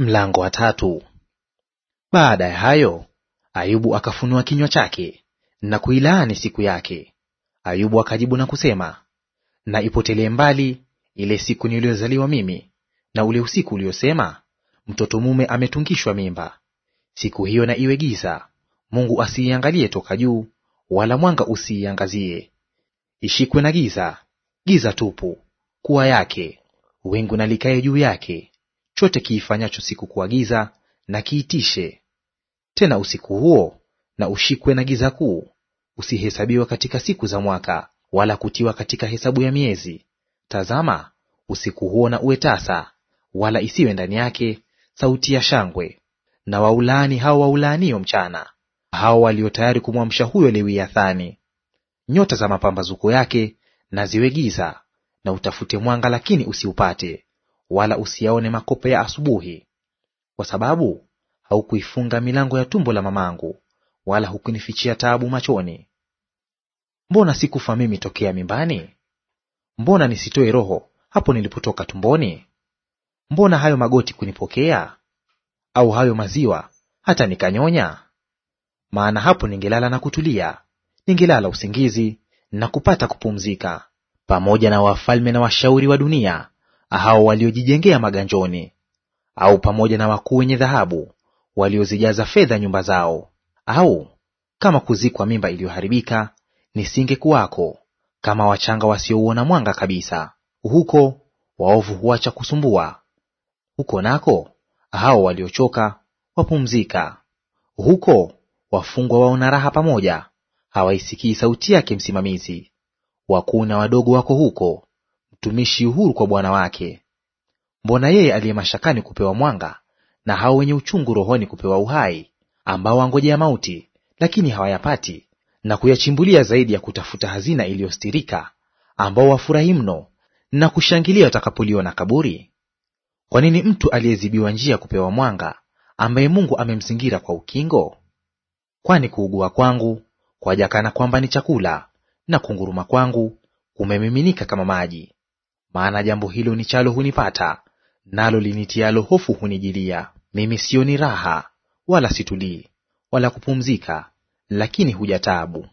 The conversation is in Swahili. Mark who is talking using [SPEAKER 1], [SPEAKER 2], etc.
[SPEAKER 1] Mlango wa tatu. Baada ya hayo Ayubu akafunua kinywa chake na kuilaani siku yake. Ayubu akajibu na kusema, na ipotelee mbali ile siku niliyozaliwa mimi, na ule usiku uliosema mtoto mume ametungishwa mimba. Siku hiyo na iwe giza, Mungu asiiangalie toka juu, wala mwanga usiiangazie. Ishikwe na giza, giza tupu kuwa yake, wingu na likae juu yake chote kiifanyacho siku kuwa giza na kiitishe. Tena usiku huo na ushikwe na giza kuu, usihesabiwa katika siku za mwaka, wala kutiwa katika hesabu ya miezi. Tazama, usiku huo na uwe tasa, wala isiwe ndani yake sauti ya shangwe. Na waulaani hao waulaanio mchana, hao walio tayari kumwamsha huyo Lewiathani. Nyota za mapambazuko yake na ziwe giza, na utafute mwanga lakini usiupate wala usiyaone makope ya asubuhi, kwa sababu haukuifunga milango ya tumbo la mamangu, wala hukunifichia taabu machoni. Mbona sikufa mimi tokea mimbani? Mbona nisitoe roho hapo nilipotoka tumboni? Mbona hayo magoti kunipokea, au hayo maziwa hata nikanyonya? Maana hapo ningelala na kutulia, ningelala usingizi na kupata kupumzika, pamoja na wafalme na washauri wa dunia hao waliojijengea maganjoni, au pamoja na wakuu wenye dhahabu waliozijaza fedha nyumba zao. Au kama kuzikwa mimba iliyoharibika, nisingekuwako, kama wachanga wasiouona mwanga kabisa. Huko waovu huacha kusumbua, huko nako hao waliochoka wapumzika. Huko wafungwa waona raha pamoja, hawaisikii sauti yake msimamizi. Wakuu na wadogo wako huko, mtumishi huru kwa bwana wake. Mbona yeye aliye mashakani kupewa mwanga, na hao wenye uchungu rohoni kupewa uhai, ambao wangojea mauti lakini hawayapati, na kuyachimbulia zaidi ya kutafuta hazina iliyostirika, ambao wafurahi mno na kushangilia watakapoliona kaburi? Kwa nini mtu aliyezibiwa njia kupewa mwanga, ambaye Mungu amemzingira kwa ukingo? Kwani kuugua kwangu kwajakana kwamba ni chakula, na kunguruma kwangu kumemiminika kama maji. Maana jambo hilo ni chalo hunipata, nalo linitialo hofu hunijilia. Mimi sioni raha, wala situlii, wala kupumzika, lakini huja taabu.